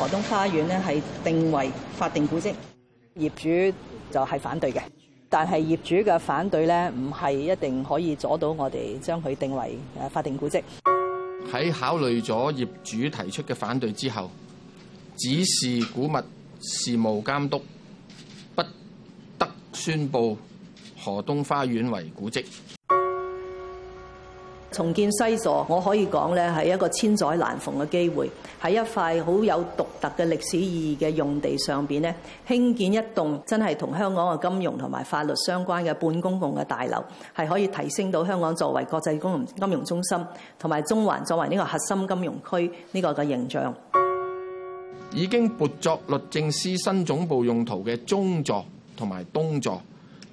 河東花園呢係定為法定古蹟，業主就係反對嘅，但係業主嘅反對呢，唔係一定可以阻到我哋將佢定為誒法定古蹟。喺考慮咗業主提出嘅反對之後，指示古物事務監督不得宣布何東花園為古蹟。重建西座，我可以講咧，係一個千載難逢嘅機會，喺一塊好有獨特嘅歷史意義嘅用地上邊咧，興建一棟真係同香港嘅金融同埋法律相關嘅半公共嘅大樓，係可以提升到香港作為國際金融金融中心，同埋中環作為呢個核心金融區呢個嘅形象。已經撥作律政司新總部用途嘅中座同埋東座，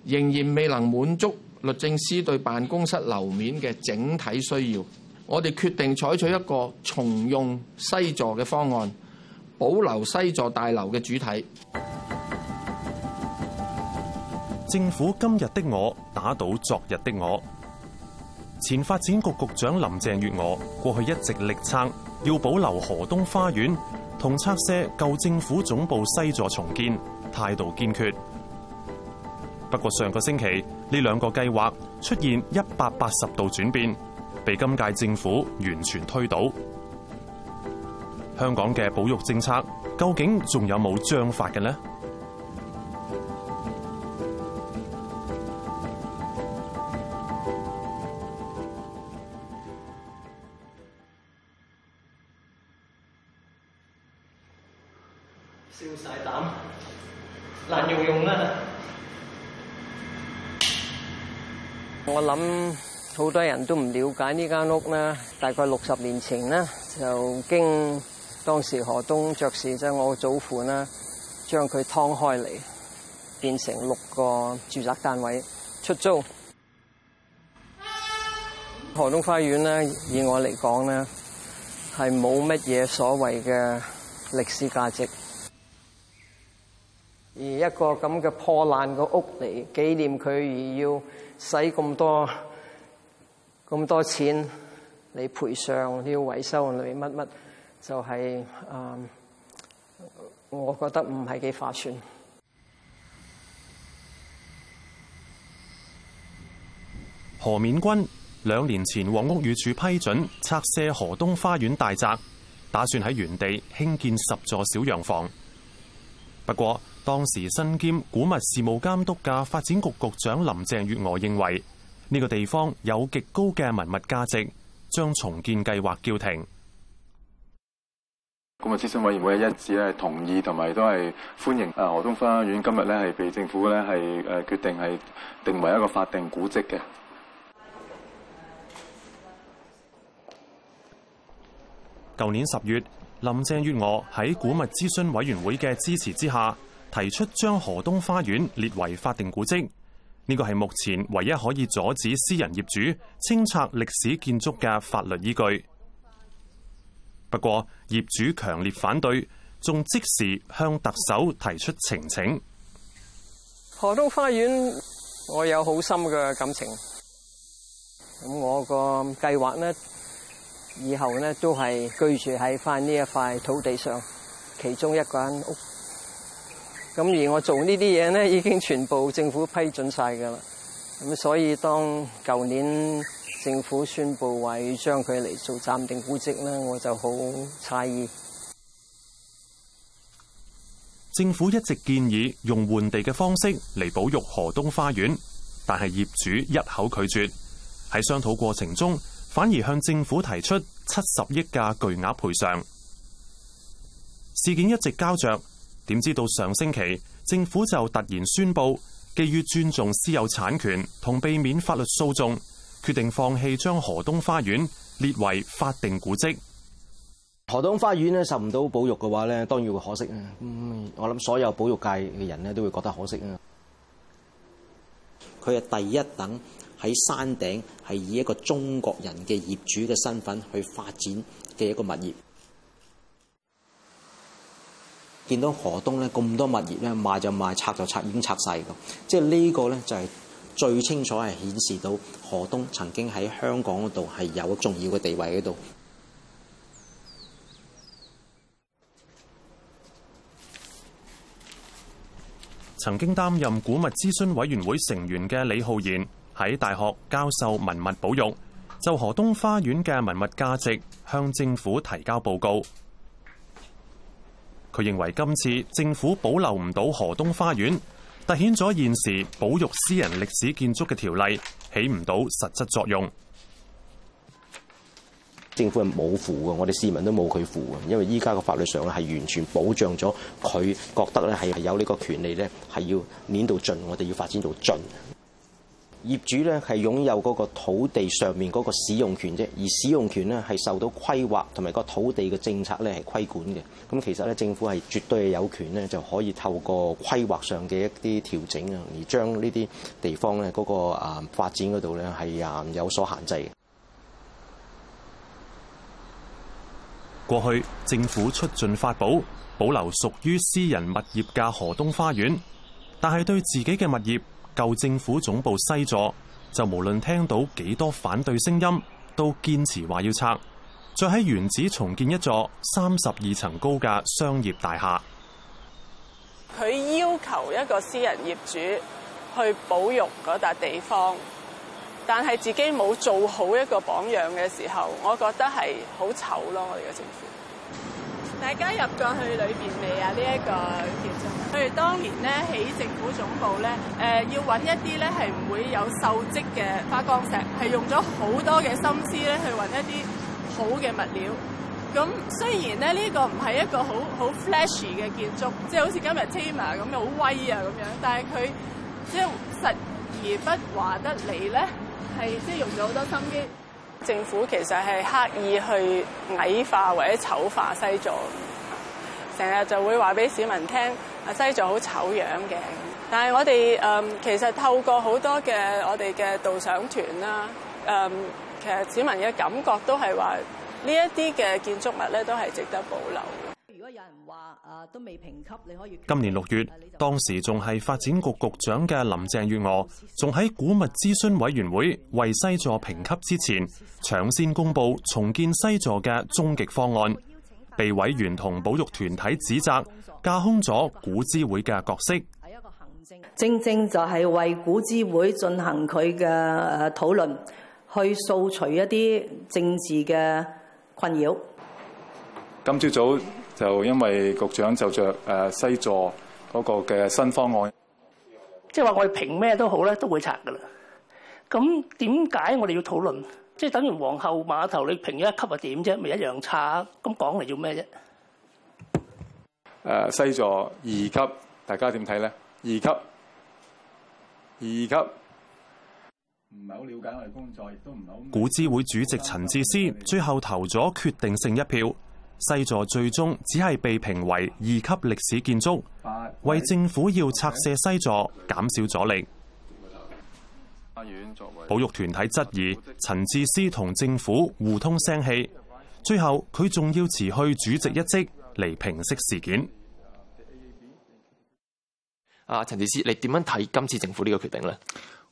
仍然未能滿足。律政司對辦公室樓面嘅整體需要，我哋決定採取一個重用西座嘅方案，保留西座大樓嘅主體。政府今日的我打倒昨日的我。前發展局局長林鄭月娥過去一直力撐要保留何東花園同拆卸舊政府總部西座重建，態度堅決。不過上個星期呢兩個計劃出現一百八十度轉變，被今屆政府完全推倒。香港嘅保育政策究竟仲有冇章法嘅呢？諗好多人都唔了解呢間屋啦，大概六十年前啦，就經當時何東爵士即係我祖父啦，將佢劏開嚟，變成六個住宅單位出租。何東花園咧，以我嚟講咧，係冇乜嘢所謂嘅歷史價值。而一個咁嘅破爛嘅屋嚟紀念佢，而要使咁多咁多錢嚟賠償，要維修，要乜乜，就係啊，我覺得唔係幾划算。何勉君兩年前獲屋宇署批准拆卸何東花園大宅，打算喺原地興建十座小洋房，不過，當時身兼古物事務監督嘅發展局局長林鄭月娥認為，呢個地方有極高嘅文物價值，將重建計劃叫停。古物諮詢委員會一致咧同意同埋都係歡迎啊，何東花園今日咧係被政府咧係誒決定係定為一個法定古蹟嘅。舊年十月，林鄭月娥喺古物諮詢委員會嘅支持之下。提出將何東花園列為法定古蹟，呢個係目前唯一可以阻止私人業主清拆歷史建築嘅法律依據。不過業主強烈反對，仲即時向特首提出情請。何東花園，我有好深嘅感情。咁我個計劃呢，以後呢都係居住喺返呢一塊土地上，其中一間屋。咁而我做呢啲嘢呢，已經全部政府批准晒噶啦。咁所以當舊年政府宣佈為將佢嚟做暫定估值呢，我就好詫異。政府一直建議用換地嘅方式嚟保育何東花園，但係業主一口拒絕，喺商討過程中，反而向政府提出七十億嘅巨額賠償。事件一直膠著。點知道上星期政府就突然宣布，基於尊重私有產權同避免法律訴訟，決定放棄將何東花園列為法定古蹟。何東花園咧受唔到保育嘅話咧，當然會可惜。嗯，我諗所有保育界嘅人咧都會覺得可惜啊。佢係第一等喺山頂，係以一個中國人嘅業主嘅身份去發展嘅一個物業。見到何東呢咁多物業呢，賣，就賣，拆就拆，已經拆晒㗎，即係呢個呢就係、是、最清楚係顯示到何東曾經喺香港度係有重要嘅地位喺度。曾經擔任古物諮詢委員會成員嘅李浩然喺大學教授文物保育，就何東花園嘅文物價值向政府提交報告。佢認為今次政府保留唔到何東花園，凸顯咗現時保育私人歷史建築嘅條例起唔到實質作用。政府係冇符嘅，我哋市民都冇佢符嘅，因為依家嘅法律上係完全保障咗佢覺得咧係有呢個權利咧係要拎到盡，我哋要發展到盡。業主咧係擁有嗰個土地上面嗰個使用權啫，而使用權咧係受到規劃同埋個土地嘅政策咧係規管嘅。咁其實咧，政府係絕對有權咧就可以透過規劃上嘅一啲調整啊，而將呢啲地方咧嗰個啊發展嗰度咧係限有所限制。過去政府出盡法寶保留屬於私人物業嘅何東花園，但係對自己嘅物業。舊政府總部西座，就無論聽到幾多反對聲音，都堅持話要拆，再喺原址重建一座三十二層高嘅商業大廈。佢要求一個私人業主去保育嗰笪地方，但係自己冇做好一個榜樣嘅時候，我覺得係好醜咯。我哋嘅政府，大家入過去裏邊未啊？呢一個。佢哋當年咧起政府總部咧，誒、呃、要揾一啲咧係唔會有鏽跡嘅花崗石，係用咗好多嘅心思咧去揾一啲好嘅物料。咁雖然咧呢、呢個唔係一個好好 flashy 嘅建築，即係好似今日 Tamar 啊咁又好威啊咁樣，但係佢即係實而不華得嚟咧，係即係用咗好多心機。政府其實係刻意去矮化或者醜化西座，成日就會話俾市民聽。西座好醜樣嘅，但係我哋誒、嗯、其實透過好多嘅我哋嘅導賞團啦，誒、嗯、其實市民嘅感覺都係話呢一啲嘅建築物咧都係值得保留。如果有人話誒都未評級，你可以。今年六月，當時仲係發展局局長嘅林鄭月娥，仲喺古物諮詢委員會為西座評級之前，搶先公佈重建西座嘅終極方案，被委員同保育團體指責。架空咗古諮會嘅角色，係一個行政，正正就係為古諮會進行佢嘅誒討論，去掃除一啲政治嘅困擾。今朝早就因為局長就着誒西座嗰個嘅新方案，即係話我哋評咩都好咧，都會拆噶啦。咁點解我哋要討論？即係等於皇后碼頭你評咗一級又點啫？咪一樣拆，咁講嚟做咩啫？誒西座二級，大家點睇呢？二級，二級，唔係好了解我哋工作，亦都唔好。古諮會主席陳智思最後投咗決定性一票，西座最終只係被評為二級歷史建築，為政府要拆卸西座減少阻力。保育團體質疑陳智思同政府互通聲氣，最後佢仲要辭去主席一職嚟平息事件。啊，陳智思，你點樣睇今次政府呢個決定咧？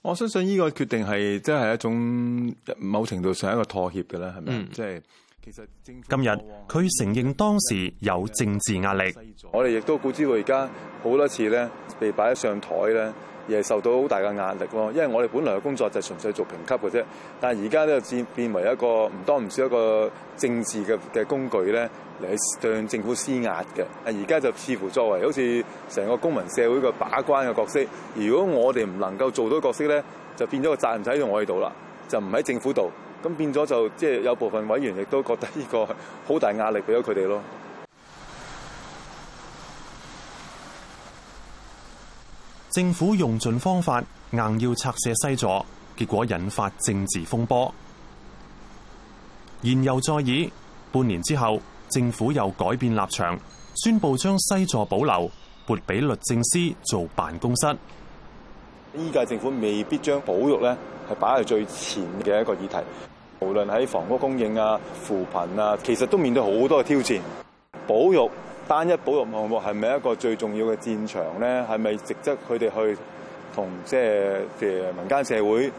我相信呢個決定係即係一種某程度上一個妥協嘅啦，係咪？即係、嗯就是、其實今日佢承認當時有政治壓力，我哋亦都估知佢而家好多次咧被擺喺上台咧。嗯亦係受到好大嘅壓力喎，因為我哋本來嘅工作就係純粹做評級嘅啫，但係而家咧變變為一個唔多唔少一個政治嘅嘅工具咧，嚟向政府施壓嘅。啊，而家就似乎作為好似成個公民社會嘅把關嘅角色，如果我哋唔能夠做到角色咧，就變咗個責任喺度我哋度啦，就唔喺政府度。咁變咗就即係、就係、有部分委員亦都覺得呢個好大壓力俾咗佢哋咯。政府用盡方法硬要拆卸西座，結果引發政治風波。言猶在耳，半年之後，政府又改變立場，宣布將西座保留，撥俾律政司做辦公室。依屆政府未必將保育咧係擺喺最前嘅一個議題。無論喺房屋供應啊、扶貧啊，其實都面對好多嘅挑戰。保育。單一保育項目係咪一個最重要嘅戰場咧？係咪值得佢哋去同即係係民間社會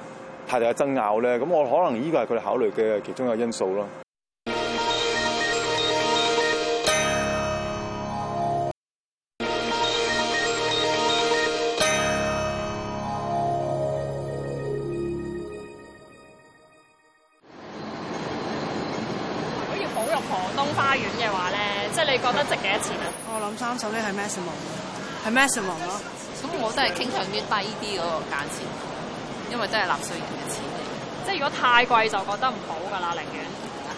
太大嘅爭拗咧？咁我可能依個係佢哋考慮嘅其中一個因素咯。嗰啲係 maximum，係 maximum 咯。所以我真係傾向於低啲嗰個價錢，因為真係納稅人嘅錢嚟。即係如果太貴就覺得唔好㗎啦，寧願。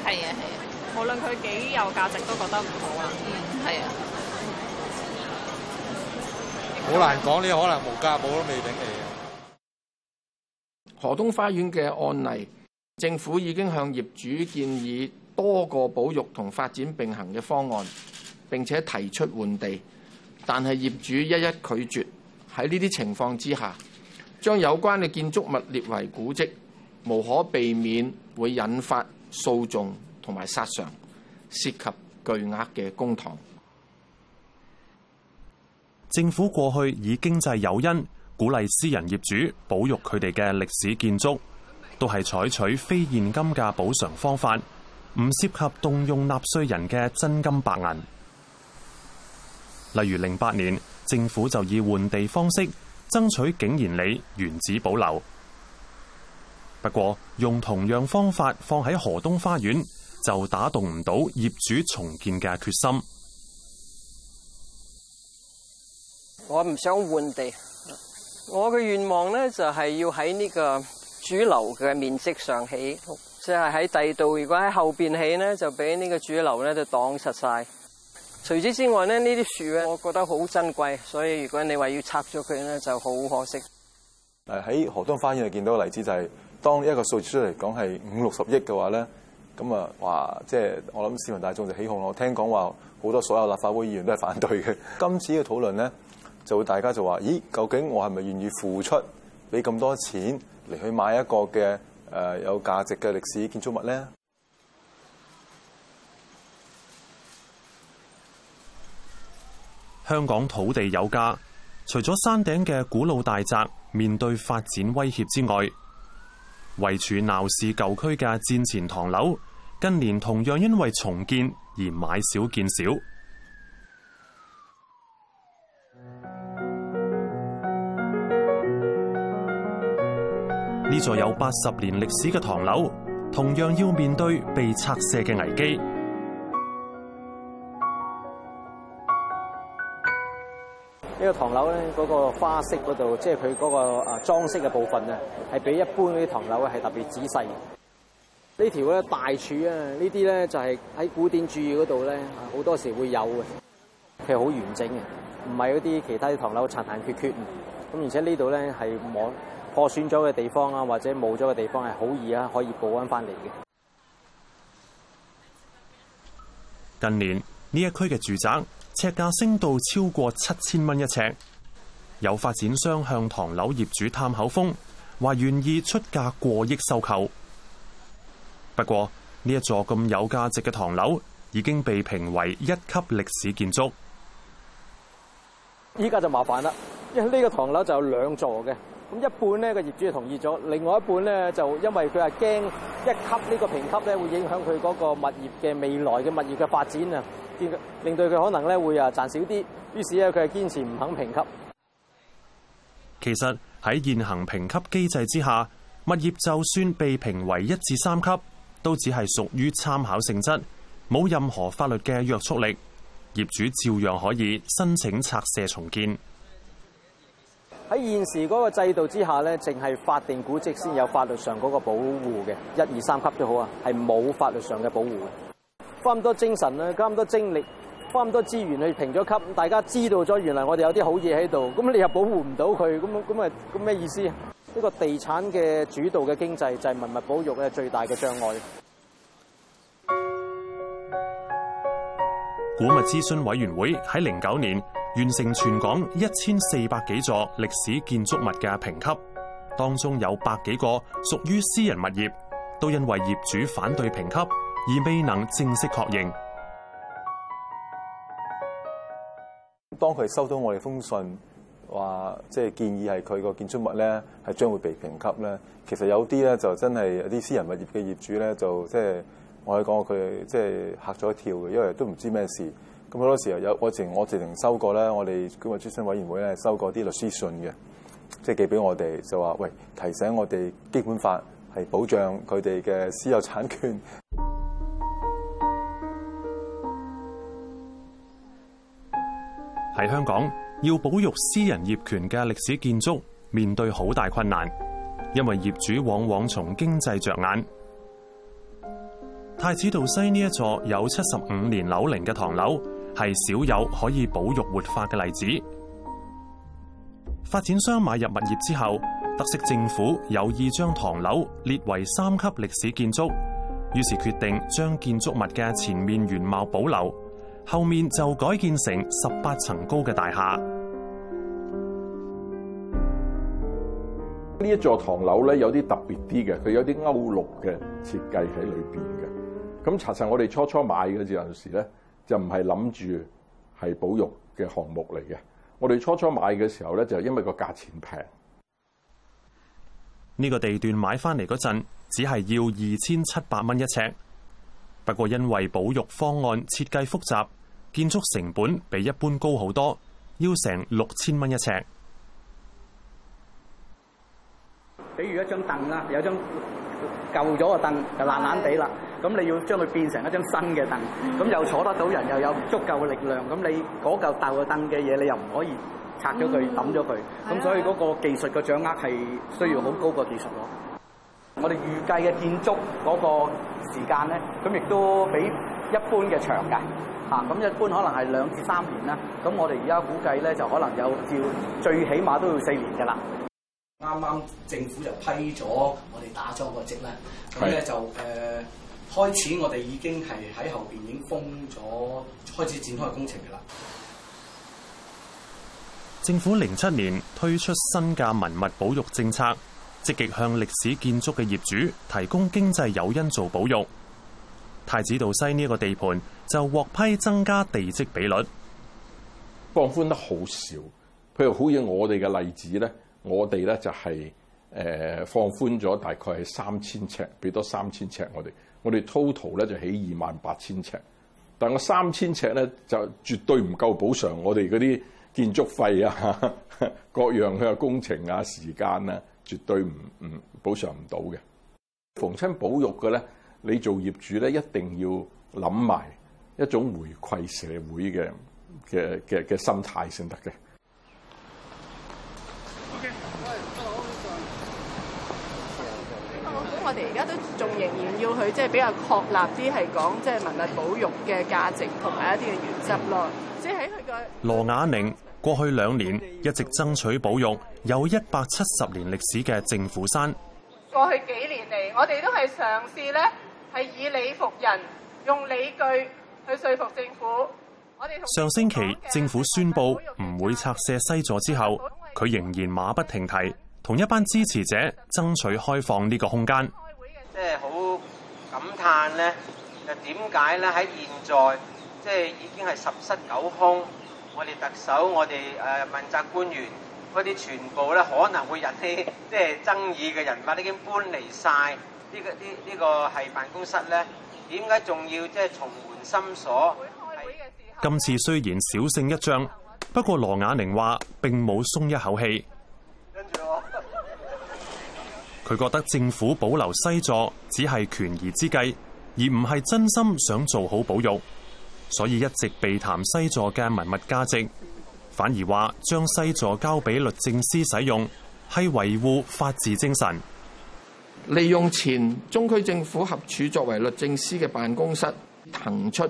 係啊係啊，無論佢幾有價值都覺得唔好啊。嗯，係啊。好難講，你可能無價寶都未頂起啊。何東花園嘅案例，政府已經向業主建議多個保育同發展並行嘅方案。並且提出換地，但係業主一一拒絕。喺呢啲情況之下，將有關嘅建築物列為古蹟，無可避免會引發訴訟同埋索償，涉及巨額嘅公帑。政府過去以經濟誘因鼓勵私人業主保育佢哋嘅歷史建築，都係採取非現金嘅補償方法，唔涉及動用納稅人嘅真金白銀。例如零八年，政府就以換地方式爭取景賢里原址保留。不過用同樣方法放喺河東花園，就打動唔到業主重建嘅決心。我唔想換地，我嘅願望呢就係、是、要喺呢個主樓嘅面積上起，即係喺第度。如果喺後邊起呢，就俾呢個主樓咧就擋實晒。除此之外咧，呢啲樹咧，我覺得好珍貴，所以如果你話要拆咗佢咧，就好可惜。誒喺何東花園見到嘅例子就係、是，當一個數字出嚟講，係五六十億嘅話咧，咁啊話即係我諗市民大眾就起哄咯。我聽講話好多所有立法會議員都係反對嘅。 今次嘅討論咧，就會大家就話：咦，究竟我係咪願意付出俾咁多錢，嚟去買一個嘅誒有價值嘅歷史建築物咧？香港土地有價，除咗山頂嘅古老大宅面對發展威脅之外，位處鬧市舊區嘅戰前唐樓，近年同樣因為重建而買少見少。呢 座有八十年歷史嘅唐樓，同樣要面對被拆卸嘅危機。唐樓咧，嗰個花式嗰度，即係佢嗰個啊裝飾嘅部分啊，係比一般嗰啲唐樓啊係特別仔細。呢條咧大柱啊，呢啲咧就係喺古典主義嗰度咧，好多時會有嘅，佢好完整嘅，唔係嗰啲其他啲唐樓殘殘缺缺。咁而且呢度咧係冇破損咗嘅地方啊，或者冇咗嘅地方係好易啊可以保安翻嚟嘅。近年呢一區嘅住宅，尺價升到超過七千蚊一尺，有發展商向唐樓業主探口風，話願意出價過億收購。不過呢一座咁有價值嘅唐樓已經被評為一級歷史建築，依家就麻煩啦。因為呢個唐樓就有兩座嘅，咁一半呢個業主就同意咗，另外一半呢就因為佢係驚一級呢個評級咧會影響佢嗰個物業嘅未來嘅物業嘅發展啊。令到佢可能咧會啊賺少啲，於是咧佢係堅持唔肯評級。其實喺現行評級機制之下，物業就算被評為一至三級，都只係屬於參考性質，冇任何法律嘅約束力。業主照樣可以申請拆卸重建。喺現時嗰個制度之下咧，淨係法定古蹟先有法律上嗰個保護嘅，一、二、三級都好啊，係冇法律上嘅保護嘅。花咁多精神啊，咁多精力，花咁多資源去評咗級，大家知道咗，原來我哋有啲好嘢喺度。咁你又保護唔到佢，咁咁咪咁咩意思？呢個地產嘅主導嘅經濟就係文物保育嘅最大嘅障礙。古物諮詢委員會喺零九年完成全港一千四百幾座歷史建築物嘅評級，當中有百幾個屬於私人物業，都因為業主反對評級，而未能正式確認。當佢收到我哋封信，話即係建議係佢個建築物咧，係將會被評級咧。其實有啲咧就真係有啲私人物業嘅業主咧，就即係、就是、我哋講佢即係嚇咗一跳嘅，因為都唔知咩事。咁好多時候有前我直我直情收過咧，我哋規劃諮詢委員會咧收過啲律師信嘅，即係寄俾我哋，就話、是、喂提醒我哋《基本法》係保障佢哋嘅私有產權。喺香港，要保育私人業權嘅歷史建築，面對好大困難，因為業主往往從經濟着眼。太子道西呢一座有七十五年樓齡嘅唐樓，係少有可以保育活化嘅例子。發展商買入物業之後，特色政府有意將唐樓列為三級歷史建築，於是決定將建築物嘅前面原貌保留。後面就改建成十八層高嘅大廈。呢一座唐樓咧有啲特別啲嘅，佢有啲歐陸嘅設計喺裏邊嘅。咁查實我哋初初買嗰陣時咧，就唔係諗住係保育嘅項目嚟嘅。我哋初初買嘅時候咧，就因為個價錢平。呢個地段買翻嚟嗰陣，只係要二千七百蚊一尺。不過因為保育方案設計複雜。建築成本比一般高好多，要成六千蚊一尺。比如一張凳啦，有一張舊咗嘅凳就爛爛地啦，咁你要將佢變成一張新嘅凳，咁又坐得到人，又有足夠嘅力量。咁你嗰嚿舊嘅凳嘅嘢，你又唔可以拆咗佢抌咗佢。咁所以嗰個技術嘅掌握係需要好高嘅技術咯。我哋預計嘅建築嗰個時間咧，咁亦都比一般嘅長㗎。啊！咁一般可能係兩至三年啦。咁我哋而家估計咧，就可能有叫最起碼都要四年嘅啦。啱啱政府就批咗我哋打咗個職啦。咁咧就誒的開始，我哋已經係喺後邊已經封咗，開始展開工程嘅啦。政府零七年推出新嘅文物保育政策，積極向歷史建築嘅業主提供經濟誘因做保育。太子道西呢一個地盤，就獲批增加地積比率，放寬得好少。譬如好似我哋嘅例子咧，我哋咧就係、是、誒、呃、放寬咗大概係三千尺，俾多三千尺。我哋我哋 total 咧就起二萬八千尺，但係我三千尺咧就絕對唔夠補償我哋嗰啲建築費啊，各樣佢嘅工程啊、時間啊，絕對唔唔補償唔到嘅。逢親保育嘅咧，你做業主咧一定要諗埋。一種回饋社會嘅嘅嘅嘅心態先得嘅。咁我哋而家都仲仍然要去即係比較確立啲係講即係文物保育嘅價值同埋一啲嘅原則咯，即係喺佢個羅雅寧過去兩年一直爭取保育有一百七十年歷史嘅政府山。過去幾年嚟，我哋都係嘗試咧，係以理服人，用理據，去說服政府。上星期政府宣布唔會拆卸西座之後，佢仍然馬不停蹄，同一班支持者爭取開放呢個空間。即係好感嘆咧，就點解咧？喺現在即係已經係十室九空，我哋特首、我哋誒問責官員嗰啲全部咧，可能會引起即係爭議嘅人物，已經搬離晒呢個呢呢個係辦公室咧。點解仲要即係重門心鎖？今次雖然小勝一仗，不過羅雅寧話並冇鬆一口氣。佢覺得政府保留西座只係權宜之計，而唔係真心想做好保育，所以一直避談西座嘅文物價值，反而話將西座交俾律政司使用，係維護法治精神。利用前中區政府合署作為律政司嘅辦公室，騰出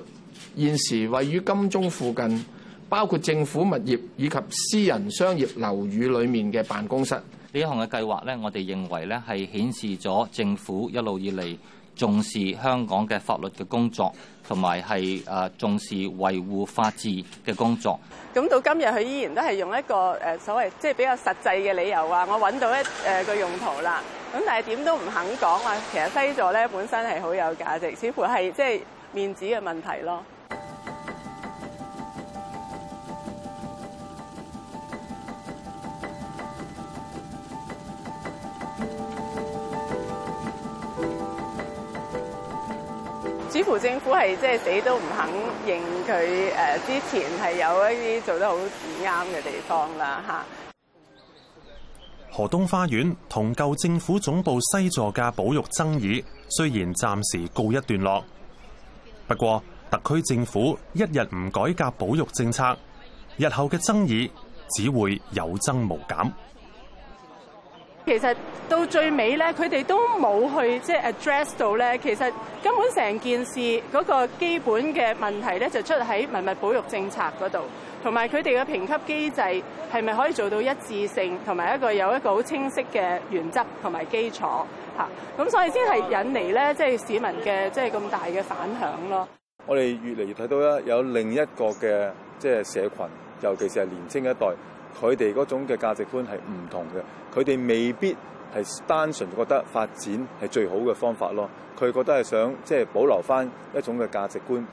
現時位於金鐘附近，包括政府物業以及私人商業樓宇裡面嘅辦公室。呢項嘅計劃咧，我哋認為咧，係顯示咗政府一路以嚟重視香港嘅法律嘅工作，同埋係誒重視維護法治嘅工作。咁到今日佢依然都係用一個誒所謂即係比較實際嘅理由話，我揾到一誒個用途啦。咁但係點都唔肯講啊！其實西座咧本身係好有價值，似乎係即係面子嘅問題咯。似乎 政府係即係死都唔肯認佢誒之前係有一啲做得好唔啱嘅地方啦，嚇。何東花園同舊政府總部西座嘅保育爭議，雖然暫時告一段落，不過特區政府一日唔改革保育政策，日後嘅爭議只會有增無減。其實到最尾咧，佢哋都冇去即係 address 到咧。其實根本成件事嗰個基本嘅問題咧，就出喺文物保育政策嗰度，同埋佢哋嘅評級機制係咪可以做到一致性，同埋一個有一個好清晰嘅原則同埋基礎吓。咁所以先係引嚟咧，即係市民嘅即係咁大嘅反響咯。我哋越嚟越睇到咧，有另一個嘅即係社群，尤其是係年青一代。佢哋嗰種嘅價值觀係唔同嘅，佢哋未必係單純覺得發展係最好嘅方法咯，佢覺得係想即係保留返一種嘅價值觀。